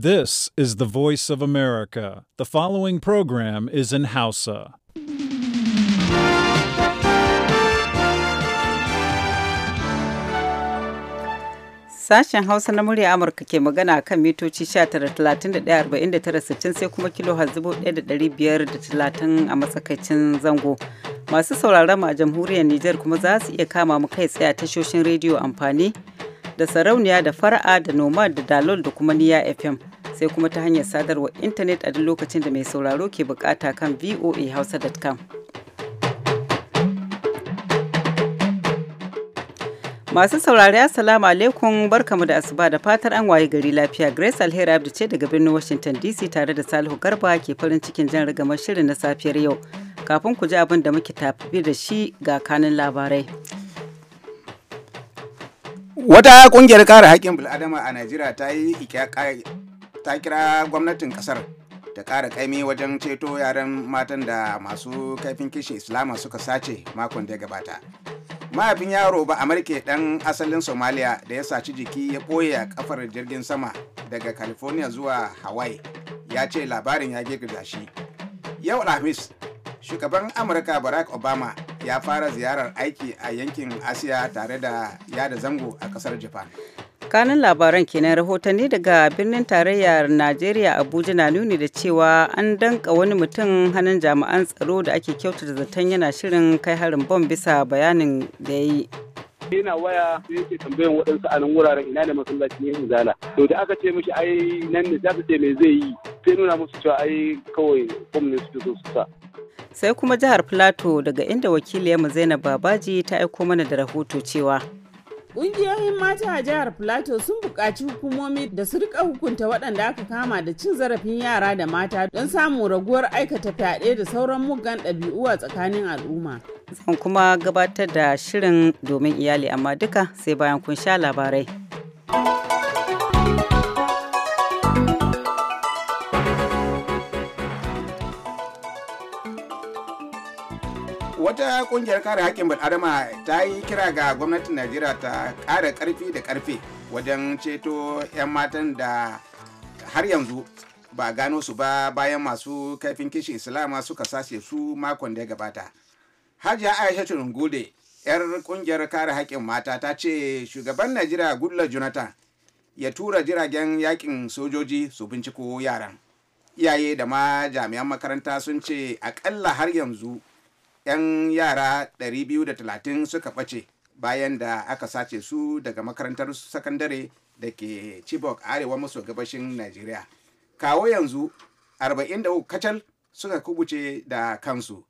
This is the voice of America. The following program is in Hausa. Sashen Hausa na murya Amurka ke magana kan mitoci 19,31,49,60 sai kuma kilo hazibu 1,530 a matsakaicin zango. Masu sauraron a jamhuriyar Nijar kuma za su iya kama mu kai tsaye tashoshin rediyo amfani da sarauniya da fara'a da noma da dalol da kuma niya fm sai kuma ta hanyar sadarwar intanet a duk lokacin da mai sauraro ke bukata kan voahausa.com masu saurari assalamu alaikum barkamu da asuba da fatar an waye gari lafiya grace alheri abdu ce daga birnin washington dc tare da salihu garba ke farin cikin jan rigamar shirin na safiyar yau kafin ku ji abin da muke tafi da shi ga kanin labarai Wata kungiyar kare haƙƙin bil'adama a Najeriya ta yi ta kira gwamnatin ƙasar ta ƙara ƙaimi wajen ceto yaran matan da masu kaifin kishi Islama suka sace makon da ya gabata. Mahaifin yaro ba Amurke ɗan asalin Somalia da ya saci jiki ya ɓoye a kafar jirgin sama daga California zuwa Hawaii ya ce labarin ya girgiza shi. Yau Alhamis, shugaban Amurka Barack Obama ya fara ziyarar aiki a yankin asiya tare da yada zango a kasar japan kanin labaran kenan rahotanni daga birnin tarayyar najeriya abuja na nuni da cewa an danka wani mutum hannun jami'an tsaro da ake kyautata zaton yana shirin kai harin bom bisa bayanin da ya yi yana waya sai yake tambayan waɗansu a nan wuraren ina ne masallaci ne izala to da aka ce mishi ai nan ne za ce me zai yi sai nuna musu cewa ai kawai kwamnin su zo su sa sai kuma jihar plateau daga inda wakiliyarmu zainab babaji ta aiko mana da rahoto cewa Ƙungiyoyin mata a jihar Plateau sun buƙaci hukumomi da su rika hukunta waɗanda aka kama da cin zarafin yara da mata don samun raguwar aikata fyaɗe da sauran muggan ɗabi'u a tsakanin al'umma. Zan kuma gabatar da shirin domin iyali amma duka sai bayan kun sha labarai. wata kungiyar kare hakkin bil'adama ta yi kira ga gwamnatin najeriya ta kara karfi da ƙarfe wajen ceto 'yan matan da har yanzu ba gano su ba bayan masu kaifin kishin islama suka sace su makon da ya gabata hajiya aisha gode yar kungiyar kare haƙƙin mata ta ce shugaban najeriya goodluck jonathan ya tura jiragen yakin sojoji su binciko yaran iyaye da ma jami'an makaranta sun ce akalla har yanzu 'yan yara 230 suka ɓace bayan da aka sace su daga makarantar sakandare da ke chibok arewa maso gabashin najeriya kawo yanzu 43 kacal suka kubuce da kansu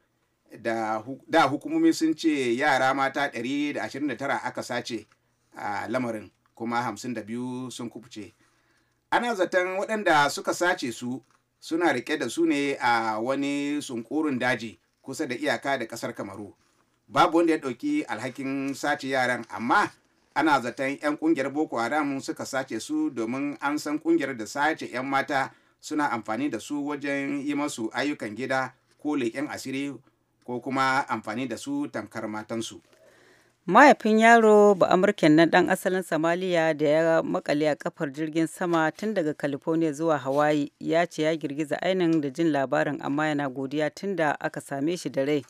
da, da hukumomi sun ce yara mata 129 aka sace a lamarin kuma 52 sun kubuce ana zaton waɗanda suka sace su suna rike da su ne a wani sunkurin daji kusa da iyaka da kasar kamaru babu wanda ya ɗauki alhakin sace yaran amma ana zaton 'yan kungiyar boko haram suka sace su domin an san kungiyar da sace 'yan mata suna amfani da su wajen yi masu ayyukan gida ko leƙen asiri ko kuma amfani da su tamkar matansu. mahaifin yaro ba amurken nan dan asalin somaliya da ya makale a kafar jirgin sama tun daga california zuwa hawaii ya ce ya girgiza ainihin da jin labarin amma yana godiya tun da aka same shi da rai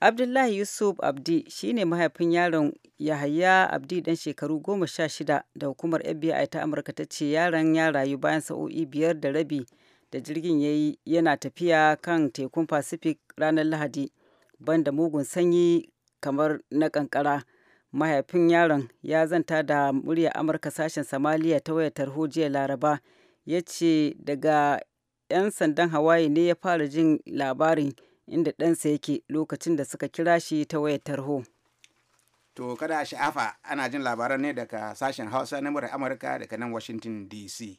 abdullahi yusuf abdi shine mahaifin yaron yahaya abdi dan shekaru goma sha shida da hukumar fbi ta amurka ta ce yaron ya rayu bayan sa'o'i biyar da rabi da jirgin ya yi yana tafiya kan tekun pacific ranar lahadi banda mugun sanyi kamar na kankara mahaifin yaron ya zanta da murya amurka sashen samaliya ta wayar tarho jiya laraba ya ce daga 'yan sandan hawaii ne ya fara jin labarin inda ɗansa yake lokacin da suka kira shi ta wayar tarho to kada sha'afa ana jin labaran ne daga sashen hausa na murar amurka daga nan washington dc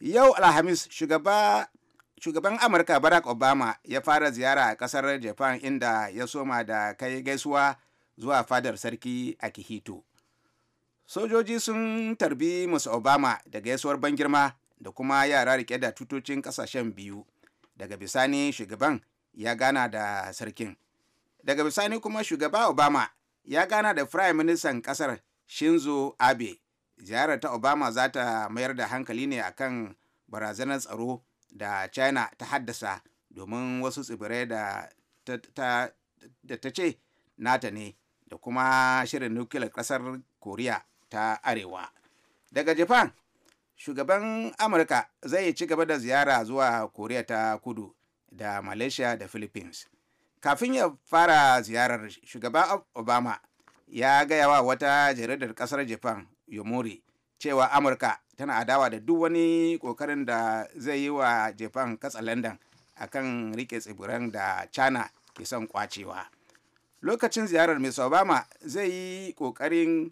yau alhamis shugaban amurka barack obama ya fara ziyara a kasar japan inda ya soma da kai gaisuwa zuwa fadar sarki a kihito sojoji sun tarbi musu obama da gaisuwar ban girma da kuma yara rike da tutocin kasashen biyu daga bisani shugaban ya gana da sarkin daga bisani kuma shugaba obama ya gana da firayim ministan kasar shinzo abe ziyarar ta obama za ta mayar da hankali ne akan barazanar tsaro da china ta haddasa domin wasu tsibirai da ta ce nata ne da kuma shirin nukiliyar kasar korea ta arewa daga japan shugaban amurka zai ci gaba da ziyara zuwa korea ta kudu da malaysia da philippines kafin ya fara ziyarar shugaban obama ya gaya wa wata jaridar kasar japan yomori cewa amurka tana adawa da duk wani kokarin da zai yi wa japan katsalandan a kan rike tsibiran da china ke son kwacewa lokacin ziyarar miss obama zai yi kokarin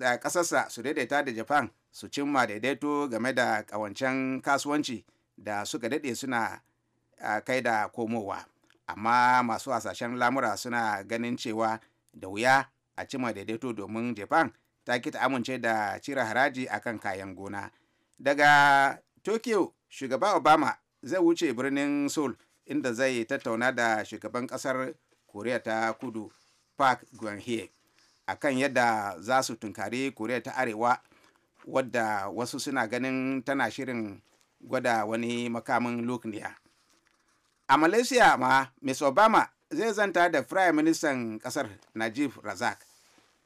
da kasarsa su daidaita da japan su cimma daidaito game da kawancen kasuwanci da suka daɗe suna kai da komowa amma masu hasashen lamura suna ganin cewa da wuya a cimma daidaito domin japan ta ki ta amince da cire haraji a kan kayan gona daga tokyo shugaba obama zai wuce birnin seoul inda zai tattauna da shugaban kasar koriya ta kudu park geun-hye kan yadda za su tunkari koriya ta arewa wadda wasu suna ganin tana shirin gwada wani makamin lukniya. a malaysia ma ms obama zai zanta da prime ministan kasar najib razak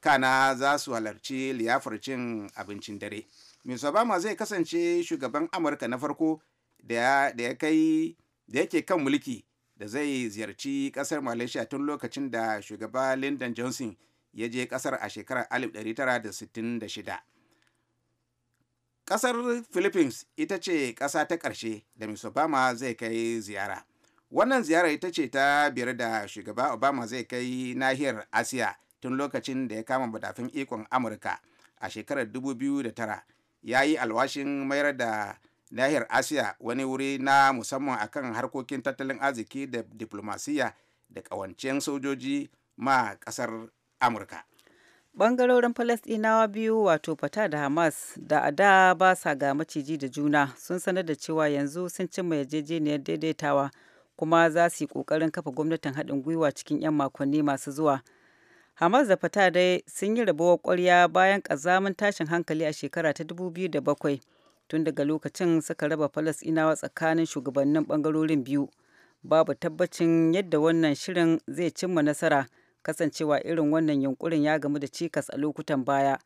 kana za su halarci liyafar cin abincin dare Ms. Obama zai kasance shugaban Amurka na farko da ya kai da yake kan mulki da zai ziyarci kasar Malaysia tun lokacin da shugaba Lyndon Johnson ya je kasar a shekarar 1966. Kasar Philippines ita ce ƙasa ta ƙarshe da Ms. Obama zai kai ziyara. Wannan ziyara ita ce ta biyar da shugaba Obama zai kai nahiyar Asiya tun lokacin da ya kama madafin ikon amurka a shekarar 2009 ya yi alwashin mayar da nahiyar asiya wani wuri na musamman akan harkokin tattalin arziki da diplomasiya da kawancen sojoji ma ƙasar amurka bangarorin falasdinawa biyu wato fata da hamas da a da ba sa ga maciji da juna sun sanar da cewa yanzu sun cimma yarjejeniyar daidaitawa kuma za su yi ƙoƙarin kafa gwamnatin haɗin gwiwa cikin 'yan makonni masu zuwa Hamas da Fatah dai sun yi rabuwar ƙwarya bayan ƙazamin tashin hankali a shekara ta 2007 tun daga lokacin suka raba Falasɗinawa tsakanin shugabannin ɓangarorin biyu. Babu tabbacin yadda wannan shirin zai cimma nasara kasancewa irin wannan yunkurin ya gamu da cikas a lokutan baya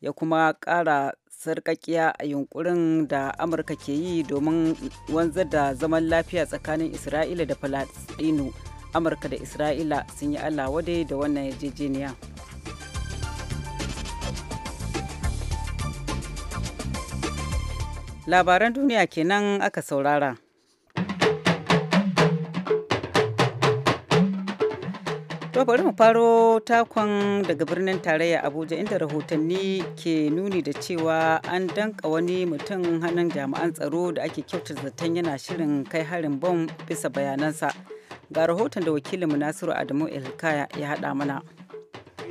ya kuma ƙara sarƙaƙiya a yunkurin da Amurka ke yi domin wanzar da zaman lafiya tsakanin Isra'ila da Falasɗinu. amurka da isra'ila sun yi allah wadai da wannan yarjejeniya labaran duniya kenan aka saurara To mu faro takon daga birnin tarayya Abuja inda rahotanni ke nuni da cewa an danka wani mutum hannun jami'an tsaro da ake kyautar zaton yana shirin kai harin bom bisa bayanansa. Ga rahoton da wakilinmu Nasiru Adamu Ilkaya ya haɗa mana.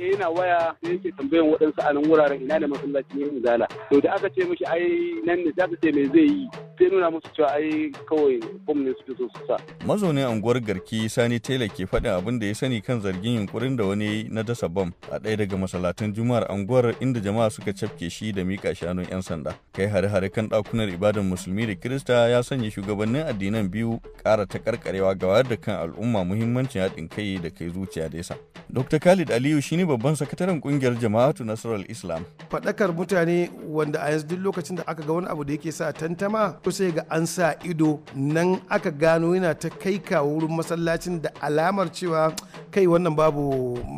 yana eh, waya sai yake tambayan waɗansu a nan wuraren ina da masallaci ne zala to da aka ce mishi ai nan ne za ce me zai yi sai nuna musu cewa ai kawai ne so su sa. Mazaunin unguwar Garki Sani Tela ke faɗin abin da ya sani kan zargin yunkurin da wani na dasa bom a ɗaya daga masalatun Juma'ar unguwar inda jama'a suka cafke shi da mika shanun 'yan sanda. Kai hare-hare kan ɗakunar ibadar musulmi da Kirista ya sanya shugabannin addinan biyu ƙara ta karkarewa ga wayar da kan al'umma muhimmancin haɗin kai da kai zuciya da yasa. Dr. Khalid Aliyu shi ne babban sakataren kungiyar Jama'atu Nasarar Islam. Faɗakar mutane wanda a yanzu duk lokacin da aka ga wani abu da yake sa tantama kusa ga an sa ido nan aka gano yana ta kai kawo wurin masallacin da alamar cewa kai wannan babu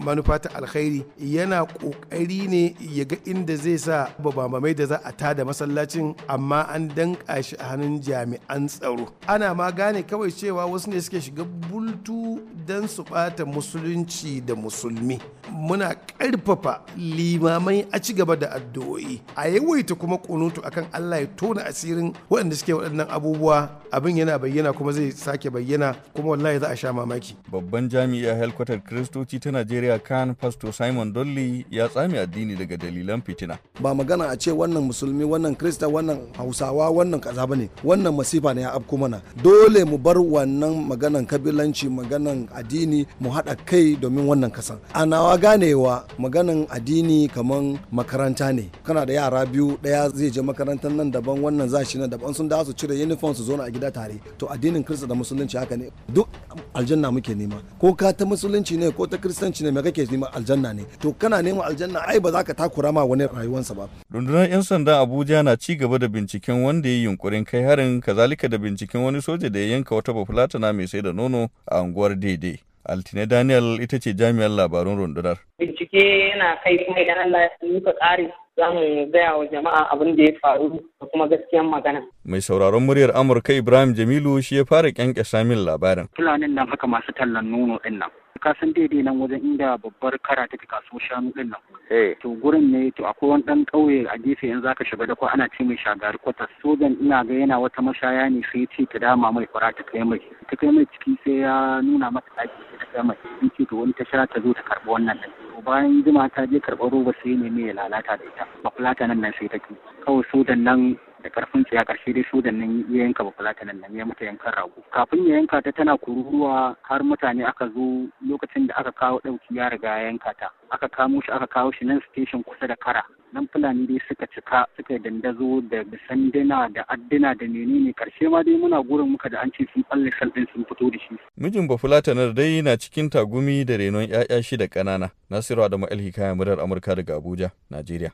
manufa ta alkhairi yana kokari ne ya ga inda zai sa babamamai da za a tada masallacin amma an danka shi a hannun jami'an tsaro ana ma gane kawai cewa wasu ne suke shiga bultu don su bata musulunci da musulmi muna karfafa limamai a ci gaba da addu'o'i a yawaita kuma kunutu akan Allah ya tona asirin waɗanda suke waɗannan abubuwa abin yana bayyana kuma zai sake bayyana kuma wallahi za a sha mamaki babban jami'a helkwatar kristoci ta najeriya kan pastor simon dolly ya tsami addini daga dalilan fitina ba magana a ce wannan musulmi wannan krista wannan hausawa wannan kaza bane wannan masifa ne ya afko mana dole mu bar wannan maganan kabilanci maganan addini mu haɗa kai domin wannan kasan a nawa ganewa maganan addini kaman makaranta ne kana da yara biyu ɗaya zai je makarantar nan daban wannan zashi na nan daban sun da su cire uniform su zo a gida tare to addinin kirista da musulunci haka ne duk aljanna muke nema ko ka ta musulunci ne ko ta kiristanci ne me kake nema aljanna ne to kana nema aljanna ai ba za ka takura ma wani rayuwansa ba rundunar yan sanda abuja na ci gaba da binciken wanda ya yi yunkurin kai harin kazalika da binciken wani soja da ya yanka wata bafulatana mai sai da nono a unguwar daidai altine daniel ita ce jami'an labarun rundunar bincike yana kai kuma idan allah ya ka kare za mu gaya wa jama'a abin da ya faru da kuma gaskiyan magana. Mai sauraron muryar Amurka Ibrahim Jamilu shi ya fara kyankyasa min labarin. Fulanin nan haka masu tallan nono din nan. Ka san daidai nan wajen inda babbar kara ta fi kaso shanu din nan. Eh. To gurin ne to akwai wani ɗan ƙauye a gefe yanzu zaka shiga da ko ana ce mai shagari kwata sojan ina ga yana wata mashaya ne sai ce ta dama mai fara ta kai mai. Ta kai mai ciki sai ya nuna mata ɗaki ta kai mai. In ce to wani ta sha ta zo ta karɓi wannan ɗin. Bayan jima ta je karɓar roba sai ne mai lalata da ita. ta bafulata nan nan sai take kawai sojan nan da karfin ciya karshe dai sojan nan ya yanka bafulata nan nan ya mata yankan rago kafin ya yanka ta tana kururuwa har mutane aka zo lokacin da aka kawo ɗauki ya riga ya yanka ta aka kamo shi aka kawo shi nan station kusa da kara nan fulani dai suka cika suka dandazo da sanduna da adduna da menene karshe ma dai muna gurin muka da an ce sun balle saldin sun fito da shi mijin nan dai na cikin tagumi da renon 'ya'ya shi da kanana nasiru adamu alhikaya murar amurka daga abuja najeriya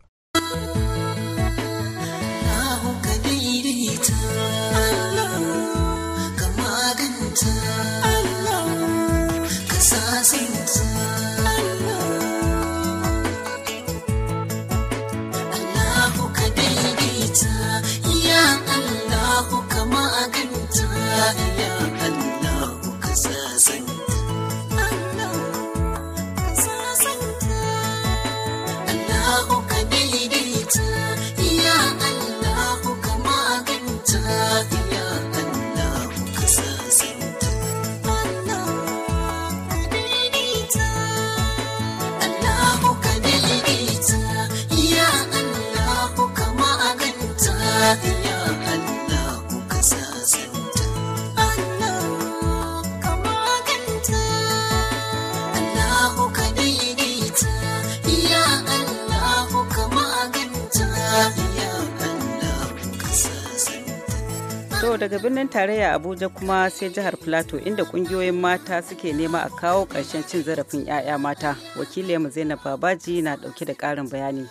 daga birnin tarayya abuja kuma sai jihar plateau inda kungiyoyin mata suke nema a kawo ƙarshen cin zarafin 'ya'ya mata wakilinmu zainab babaji na ɗauke da ƙarin bayani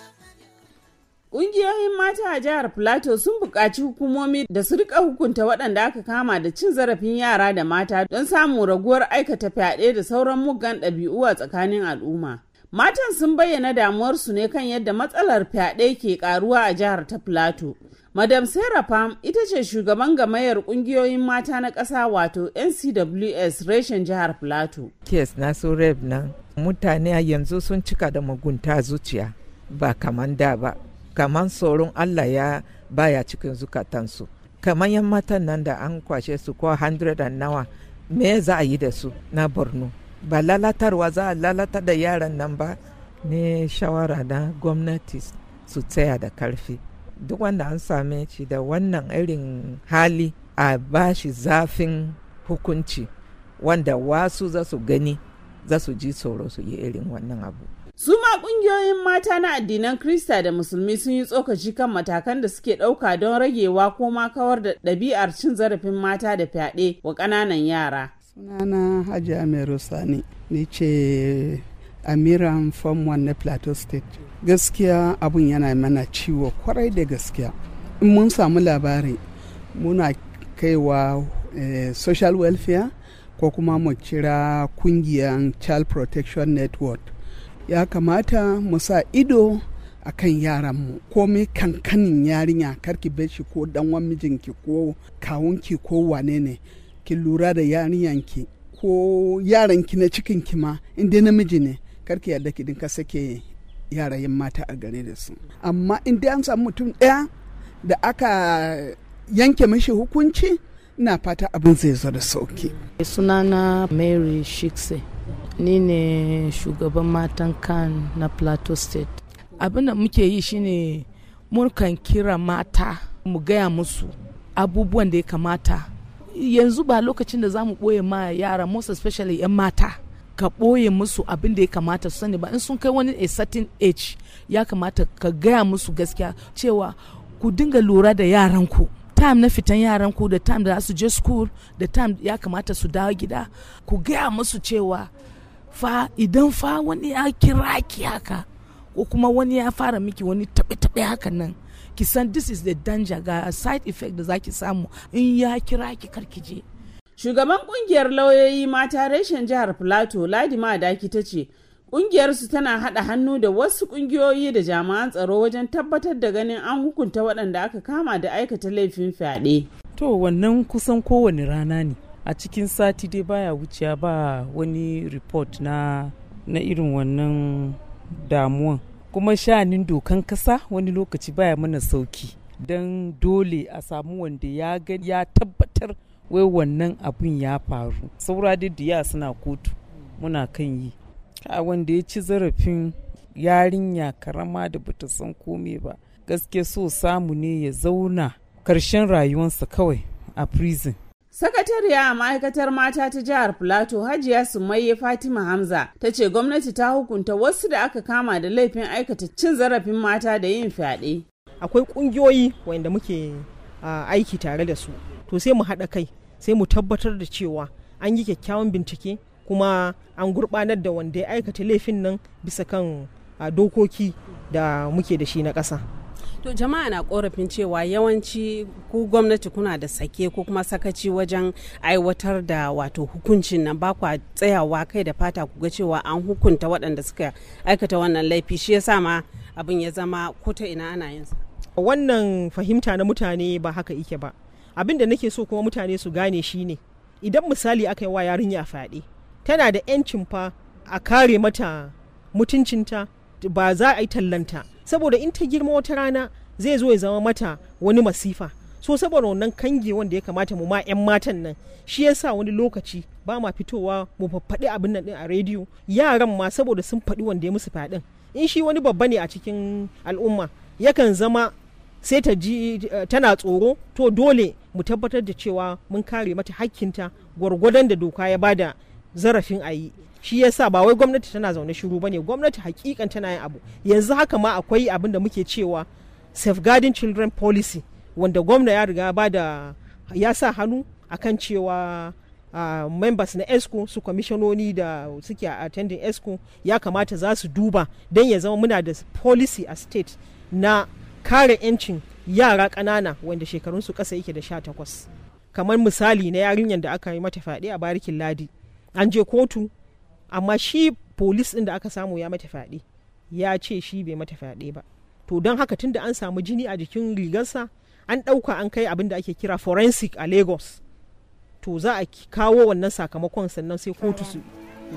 Ƙungiyoyin mata a jihar Plateau sun buƙaci hukumomi da su rika hukunta waɗanda aka kama da cin zarafin yara da mata don samun raguwar aikata fyaɗe da sauran muggan ɗabi'u a tsakanin al'umma. Matan sun bayyana damuwarsu ne kan yadda matsalar fyaɗe ke karuwa a jihar ta Plateau. Madam Sarah pham ita ce shugaban gamayar kungiyoyin mata na ƙasa wato NCWS reshen jihar Plateau. Kes na su rep nan mutane yanzu sun cika da mugunta zuciya ba kaman da ba. Kaman tsoron Allah ya baya cikin zukatansu. Kaman yan matan nan da an kwashe su ko 100 nawa me za a yi da su na Borno. ba lalatarwa za a lalata da yaran nan ba ne shawara na gwamnati su tsaya da karfi duk wanda an same shi da wannan irin hali a bashi zafin hukunci wanda wasu za su gani za su ji tsoro su yi irin wannan abu su ma kungiyoyin mata na addinan krista da musulmi sun yi tsokaci kan matakan da suke ɗauka don ragewa ko ma kawar da ɗabi'ar cin zarafin mata da fyaɗe wa ƙananan yara sunana hajiya amiru sani ni ce amiran form 1 na plateau state gaskiya abun yana mana ciwo kwarai da gaskiya in mun samu labari muna kaiwa eh, social welfare ko kuma mu kira kungiyar child protection network ya kamata mu sa ido a kan yaranmu komai kankanin yarinya karki bar shi ko danwan mijinki ko kawunki ko wane ne ki lura da yarinyanki ko yaranki na cikinki ma in dai namiji ne karki yarda ki dinka sake yarayin mata a gare da su amma in dai an samu mutum ɗaya da aka yanke mashi hukunci ina fata abin zai zo da sauki sunana mary shikse ni ne shugaban matan kan na plateau state abin da muke yi shine murkan kira mata mu gaya musu abubuwan da ya kamata yanzu ba lokacin da za mu ɓoye ma yara most especially 'yan mata ka ɓoye musu abin da ya kamata su sani ba in sun kai wani a certain age ya kamata ka gaya musu gaskiya cewa ku dinga lura da yaranku time na fitan yaranku da time da su je school da time ya kamata su dawo gida ku gaya musu cewa fa idan fa wani ya kira ki haka ko kuma wani ya fara miki wani taɓe-taɓe haka nan ki san this is the danger ga side effect da zaki samu in ya kira ki karki je shugaban kungiyar lauyoyi mata reshen jihar plateau ladima daki ta ce Ƙungiyarsu tana haɗa hannu da wasu ƙungiyoyi da jami'an tsaro wajen tabbatar da ganin an hukunta waɗanda aka kama da aikata laifin fyaɗe. To wannan kusan kowane rana ne. A cikin sati dai baya wuciya ba wani report na, na irin wannan damuwan. kuma shanin dokan kasa wani lokaci baya mana sauki don dole a samu wanda ya gani ya tabbatar wai wannan abin ya faru saura diya suna kotu muna kan yi a wanda ya ci zarafin yarinya karama da bata san komai ba gaske so samu ne ya zauna karshen rayuwansa kawai a prison Sakatariya a ma'aikatar mata ta jihar Filato Hajiya Sumayye Fatima Hamza ta ce gwamnati ta hukunta wasu da aka kama da laifin aikata cin zarafin mata da yin fyaɗe. Akwai ƙungiyoyi wanda muke aiki tare da su, to sai mu haɗa kai, sai mu tabbatar da cewa an yi kyakkyawan bincike kuma an gurɓanar da wanda ya aikata laifin nan bisa kan dokoki da muke da shi na ƙasa. To jama'a na korafin cewa yawanci ku gwamnati kuna da sake ko kuma sakaci wajen aiwatar da wato hukuncin nan ba kwa tsayawa kai da fata ku ga cewa an hukunta waɗanda suka aikata wannan laifi shi yasa ma abin ya zama ko ta ina ana yin Wannan fahimta na mutane ba haka ike ba. Abin da nake so kuma mutane su gane shi ne idan misali aka yi wa yarinya fyaɗe tana da 'yancin fa a kare mata mutuncinta ba za a yi tallanta saboda in ta girma wata rana zai zo ya zama mata wani masifa so saboda wannan kange wanda ya kamata mu ma 'yan matan nan shi ya sa wani lokaci ba ma fitowa mu faɗi abin nan din a rediyo yaran ma saboda sun faɗi wanda ya musu faɗin in shi wani babba ne a cikin al'umma yakan zama sai ta ji eh, tana tsoro to dole mu tabbatar da cewa mun kare mata hakkinta gwargwadon da doka ya bada zarafin ayi. shi yasa ba wai gwamnati tana zaune shiru bane gwamnati hakikan tana yin abu yanzu haka ma akwai abin da muke cewa safeguarding children policy wanda gwamna ya riga ba da ya sa hannu akan cewa uh, members na esco su kwamishinoni da suke attending esco ya kamata za su duba don ya zama muna da policy a state na kare 'yancin yara ƙanana wanda shekarunsu ƙasa yake da sha 18 kamar misali na yarinyar da aka yi mata fyaɗe a barikin ladi an je kotu amma shi polis ɗin da aka samu ya mata fyaɗe ya ce shi bai mata fyaɗe ba to don haka tun da an samu jini a jikin rigarsa an ɗauka an kai abin da ake kira forensic a lagos to za a kawo wannan sakamakon sannan sai kotu su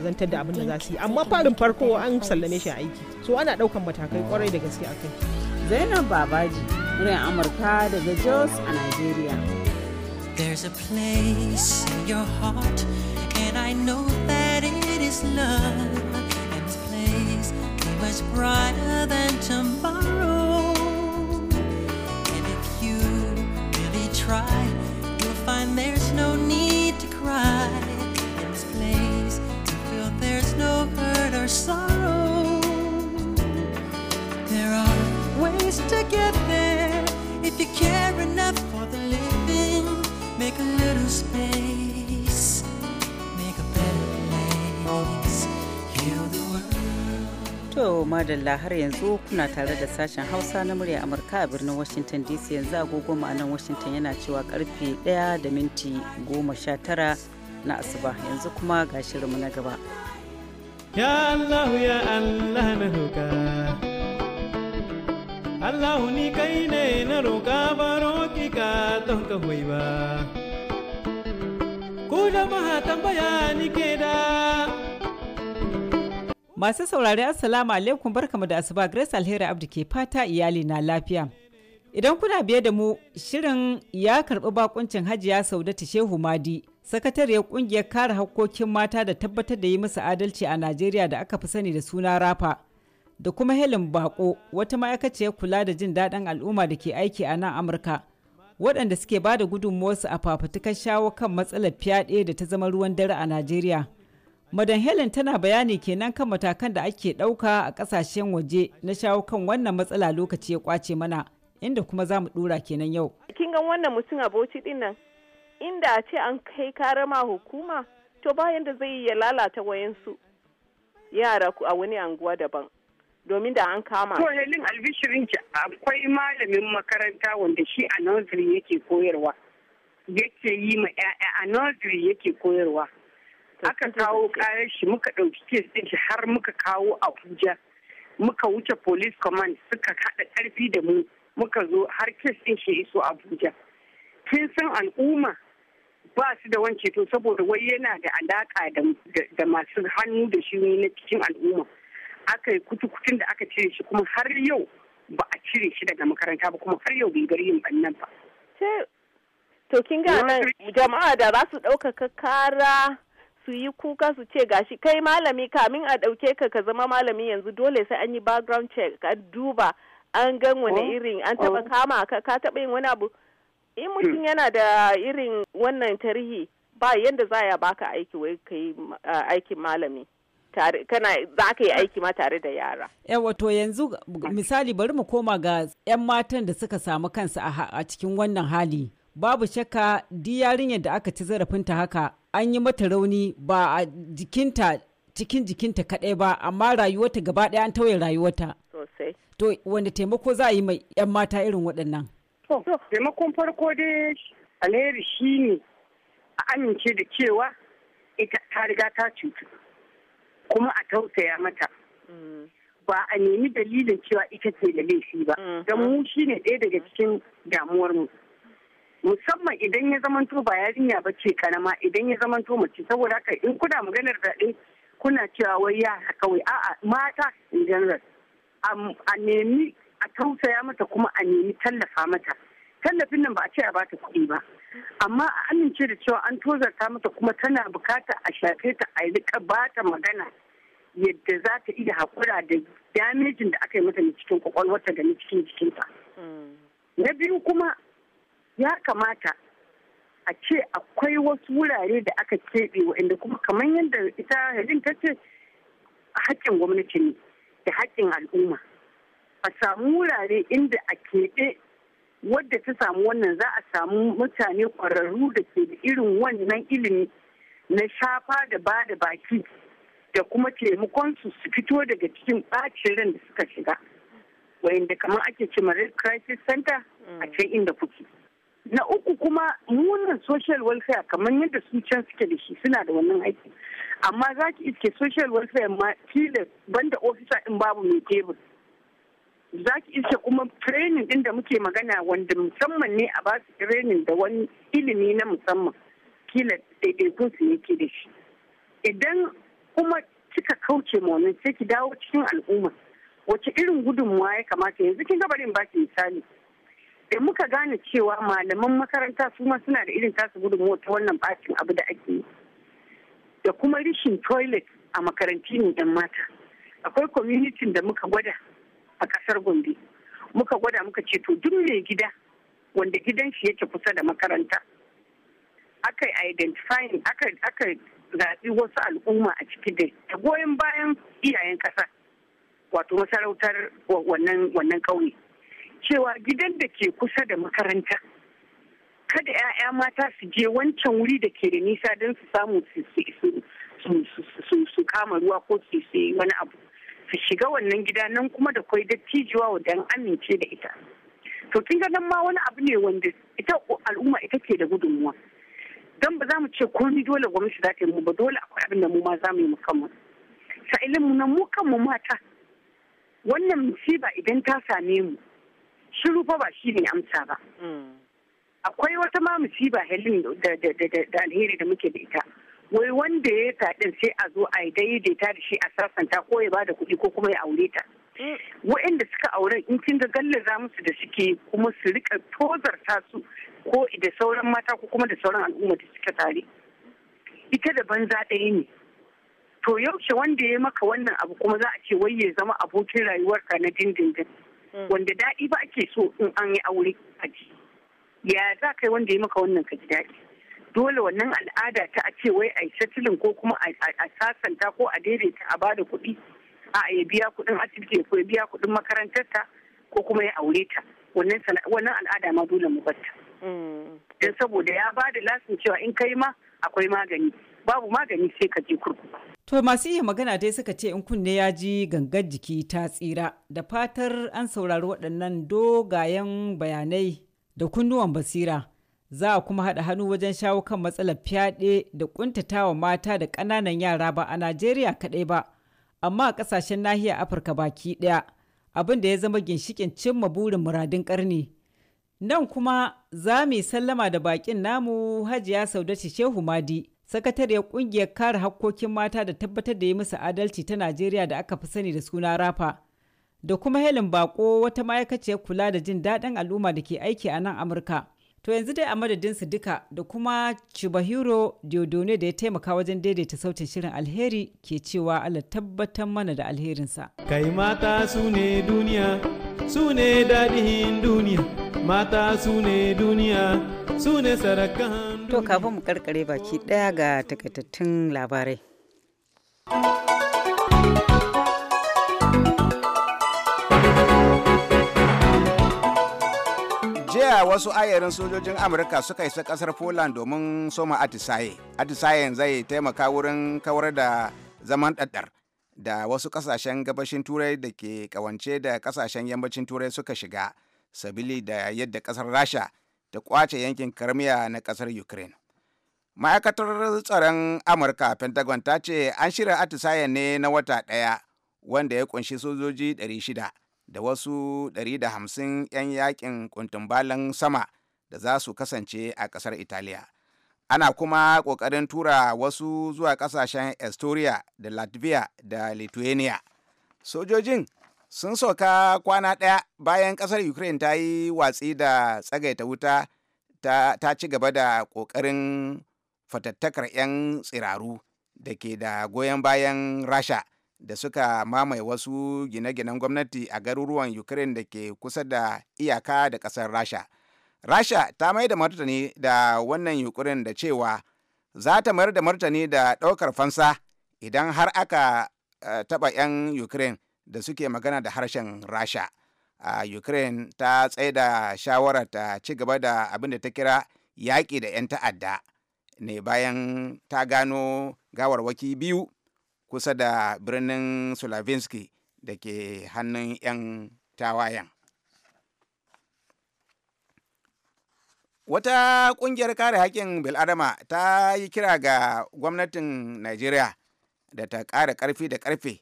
zantar da abin da za su yi amma farin farko an sallame shi a aiki so ana ɗaukan matakai kwarai da gaske a kai zainab babaji muryar amurka daga jos a nigeria a place this love and this place be much brighter than tomorrow. And if you really try, you'll find there's no need to cry in this place. You feel there's no hurt or sorrow. There are ways to get. To madalla har yanzu kuna tare da sashen Hausa na murya Amurka a birnin Washington DC yanzu agogo ma'anan Washington yana cewa karfe 1 da minti 19 na asuba yanzu kuma ga shirinmu na gaba. Ya allahu ya Allah na roka. allahu ni kai ne na roka baro ki ka don ka hoi ba. Ku jama'a tambaya ni ke da Masu saurari Assalamu alaikum barkamu da asuba Grace Alheri abdu ke fata iyali na lafiya. Idan kuna biye da mu shirin ya karɓi bakuncin Hajiya Saudatu Shehu Madi, sakatariyar kungiyar kare hakkokin mata da tabbatar da yi musu adalci a Najeriya da aka fi sani da suna Rafa. Da kuma Helen Bako, wata ma'aikaciyar kula da jin daɗin al'umma da ke aiki a nan Amurka. Waɗanda suke ba da gudunmuwarsu a fafutukar shawo kan matsalar fyaɗe da ta zama ruwan dare a Najeriya. Madan Helen tana bayani kenan kan matakan da ake ɗauka a ƙasashen waje na shawo kan wannan matsala lokaci ya kwace mana inda kuma za mu kenan yau. Kin ga wannan mutum aboci ɗin inda a ce an kai karama hukuma to bayan da zai ya lalata wayansu yara a wani anguwa daban domin da an kama. To Helen albishirin akwai malamin makaranta wanda shi a nursery yake koyarwa. Yake yi ma 'ya'ya a nursery yake koyarwa. aka kawo kayan shi muka ɗauki kes ɗin shi har muka kawo abuja muka wuce police command suka haɗa ƙarfi da mu muka zo har kes ɗin shi iso abuja kin san al'umma ba su da wance to saboda wai yana da alaka da masu hannu da shi na cikin al'umma aka yi kutukutun da aka cire shi kuma har yau ba a cire shi daga makaranta ba kuma har yau bai bar yin bannan ba. To kin ga nan jama'a da za su ɗaukaka kara su yi kuka su ce gashi kai malami kamin a ɗauke ka ka zama malami yanzu dole sai an yi background check a duba an gan wani oh, irin an taba oh. kama ka ka taba yin wani abu in hmm. mutum yana da irin wannan tarihi ba yanda za ya baka aiki wai ka yi aikin malami kana za ka yi aiki ma tare da yara yawa to yanzu misali bari mu koma ga 'yan matan da suka samu kansu a cikin wannan hali babu shakka di yarinyar da aka ci zarafinta haka an yi mata rauni ba a jikinta cikin jikinta kaɗai ba amma rayuwarta gaba ɗaya an tauye rayuwarta to wanda taimako za a yi mai 'yan mata irin waɗannan taimakon farko dai alheri ne a amince da cewa ita ta riga ta cutu kuma a tausaya mata mm. ba a nemi dalilin cewa ita ce da laifi ba mm. don mu shi ne ɗaya daga cikin damuwarmu. musamman idan ya zamanto ba yarinya ba ce karama idan ya zamanto mace saboda haka in kuna maganar daɗe kuna cewa wai yara kawai a'a mata in general a nemi a tausaya mata kuma a nemi tallafa mata tallafin nan ba a ce a bata kuɗi ba amma a amince da cewa an tozarta mata kuma tana bukata a shafe ta a rika bata magana yadda za ta iya haƙura da damejin da aka yi mata ne cikin kwakwalwarta da na cikin jikinta mm. na biyu kuma ya kamata a ce akwai wasu wurare da aka keɓe inda kuma kamar yadda ita halin ta ce haƙƙin gwamnati ne da haƙƙin al'umma a samu wurare inda a keɓe wadda ta samu wannan za a samu mutane ƙwararru da ke da irin wannan ilimi na shafa da ba da baki da kuma taimakonsu su fito daga cikin ɓacin ran da suka shiga wayanda kamar ake ce red crisis center a mm. can inda kuke. na uku kuma wannan social welfare kamar yadda sun can suke da shi suna da wannan aiki amma za ki iske social welfare ma filin banda ofisa in babu mai tebur za ki iske kuma training din da muke magana wanda musamman ne a ba su training da wani ilimi na musamman kila daidaikun su yake da shi idan kuma kika kauce ma sai ki dawo cikin al'umma wace irin gudunmuwa ya kamata yanzu kin gabarin baki misali da muka gane cewa malaman makaranta su ma suna da irin tasu gudunmuwa ta wannan bakin abu da ake yi da kuma rishin toilet a makaranti ne yan mata akwai kwamitin da muka gwada a kasar gombe muka gwada muka ce to duk mai gida wanda gidan shi yake kusa da makaranta aka identifying aka zaɓi wasu al'umma a ciki da goyon bayan iyayen ƙasa wato masarautar wannan ƙauye cewa gidan da ke kusa da makaranta kada 'ya'ya mata su je wancan wuri da ke da nisa don su samu su kama ruwa ko su yi wani abu su shiga wannan gida nan kuma da kwai dattijuwa wadda amince da ita to kin ga nan ma wani abu ne wanda ita al'umma ita ke da gudunmuwa don ba za mu ce komi dole gwamnati za ta yi mu ba dole akwai abin da mu ma za mu yi mu kanmu sa'ilin mu na mu kanmu mata wannan musiba idan ta same mu shiru fa ba shi ne amsa ba mm. akwai wata ma musiba helin da alheri da muke da ita wai wanda ya taɗin sai a zo a yi daidaita da shi a sasanta ko ya ba da kuɗi ko kuma ya aure ta mm. Wa'inda suka auren in kin ga gallaza musu da suke kuma su rika tozarta su ko da sauran mata ko kuma da sauran al'umma da suka tare ita da banza ɗaya ne to yaushe wanda ya maka wannan abu kuma za a ce wai ya zama abokin rayuwarka na dindindin Mm. wanda daɗi ba ake so in an yi aure a ji ya za kai wanda ya maka wannan ka ji daɗi dole wannan al'ada ta a ce wai a yi ko kuma a sasanta ko a daidaita a bada kuɗi a ya biya kuɗin asibiti ko ya biya kuɗin makarantarta ko kuma ya aure ta wannan al'ada ma dole mu batta mm. don saboda ya ba da lasin cewa in kai ma akwai magani babu magani sai ka je kurkuku To masu iya magana dai suka ce in kunne ya ji gangar jiki ta tsira da fatar an saurari waɗannan dogayen bayanai da kunnuwan basira za a kuma haɗa hannu wajen shawo kan matsalar fyaɗe da ƙuntatawa mata da ƙananan yara ba a Najeriya kaɗai ba amma a ƙasashen nahiyar Afirka baki ɗaya abin da ya zama ginshikin cimma burin muradin ƙarni. Nan kuma za mu sallama da baƙin namu Hajiya Saudatu Shehu Madi. sakatariyar kungiyar kare hakkokin mata da tabbatar da yi musu adalci ta najeriya da aka fi sani da suna rafa da kuma helin bako wata ma'aikaciyar kula da jin daɗin al'umma da ke aiki a nan amurka to yanzu dai a madadin su duka da kuma chibahiro diodone da ya taimaka wajen daidaita sautin shirin alheri ke cewa allah tabbatar mana da alherinsa kai mata su ne duniya su ne daɗin duniya mata su ne duniya su ne sarakan To kafin mu karkare baki daya ga takaitattun labarai. jiya wasu ayarin sojojin amurka suka isa kasar poland domin soma atisaye atisaye zai taimaka wurin kawar da zaman ɗaɗɗar da wasu kasashen gabashin turai da ke kawance da kasashen yammacin turai suka shiga sabili da yadda kasar rasha da kwace yankin karmiya na kasar ukraine ma'aikatar tsaron amurka pentagon ta ce an shirya atisaye ne na wata daya wanda ya kunshi sojoji 600 da wasu 150 'yan yakin kuntumbalan sama da za su kasance a kasar italiya ana kuma kokarin tura wasu zuwa kasashen estoria da latvia da lithuania sojojin sun soka kwana ɗaya bayan ƙasar ukraine ta yi watsi da tsagaita wuta ta ci gaba da ƙoƙarin fatattakar 'yan tsiraru da ke da goyon bayan rasha da suka mamaye wasu gine-ginen gwamnati a garuruwan ukraine da ke kusa da iyaka da ƙasar rasha rasha ta mai da martani da wannan yukurin da cewa za ta mayar da martani da ɗaukar fansa idan har aka eh, taɓa 'yan ukraine da suke magana da harshen rasha a ukraine ta da shawarar ta ci gaba da abin da ta kira yaƙi da 'yan ta'adda ne bayan ta gano gawarwaki biyu kusa da birnin sulavinsky da ke hannun 'yan tawayen wata ƙungiyar kare haƙƙin bil'adama ta yi kira ga gwamnatin najeriya da ta ƙara ƙarfi da ƙarfe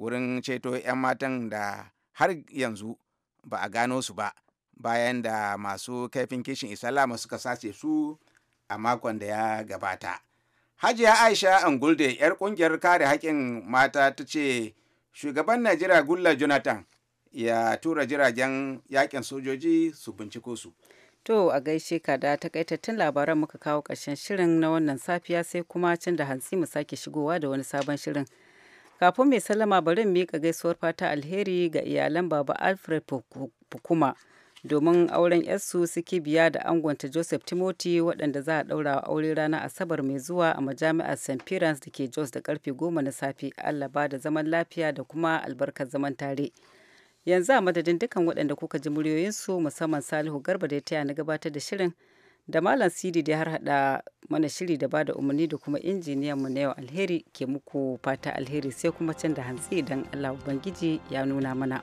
wurin ceto 'yan matan da har yanzu ba a gano su ba bayan da masu kaifin kishin isalama suka sace su a makon da ya gabata hajiya aisha angulde 'yar kungiyar kare haƙƙin mata ta ce shugaban najeriya gulla jonathan ya tura jiragen yakin sojoji su binciko su To a gaishe ka da takaitattun labaran muka kawo ƙarshen shirin na wannan safiya sai kuma can da hantsi mu sake shigowa da wani sabon shirin. Kafin mai sallama bari mika gaisuwar fata alheri ga iyalan Baba Alfred Fukuma domin auren yarsu suke biya da angonta Joseph Timothy waɗanda za a ɗaura aure ranar Asabar mai zuwa a majami'ar St. peter's da ke Jos da karfe goma na safe Allah ba da zaman lafiya da kuma albarkar zaman tare. Yanzu a madadin dukkan waɗanda kuka ji muryoyinsu musamman Salihu Garba da ya taya na gabatar da shirin. da malam sidi da ya harhaɗa mana shiri da bada umarni da kuma injiniyan mu na yau alheri ke muku fata alheri sai kuma can da hantsi idan allah ubangiji ya nuna mana.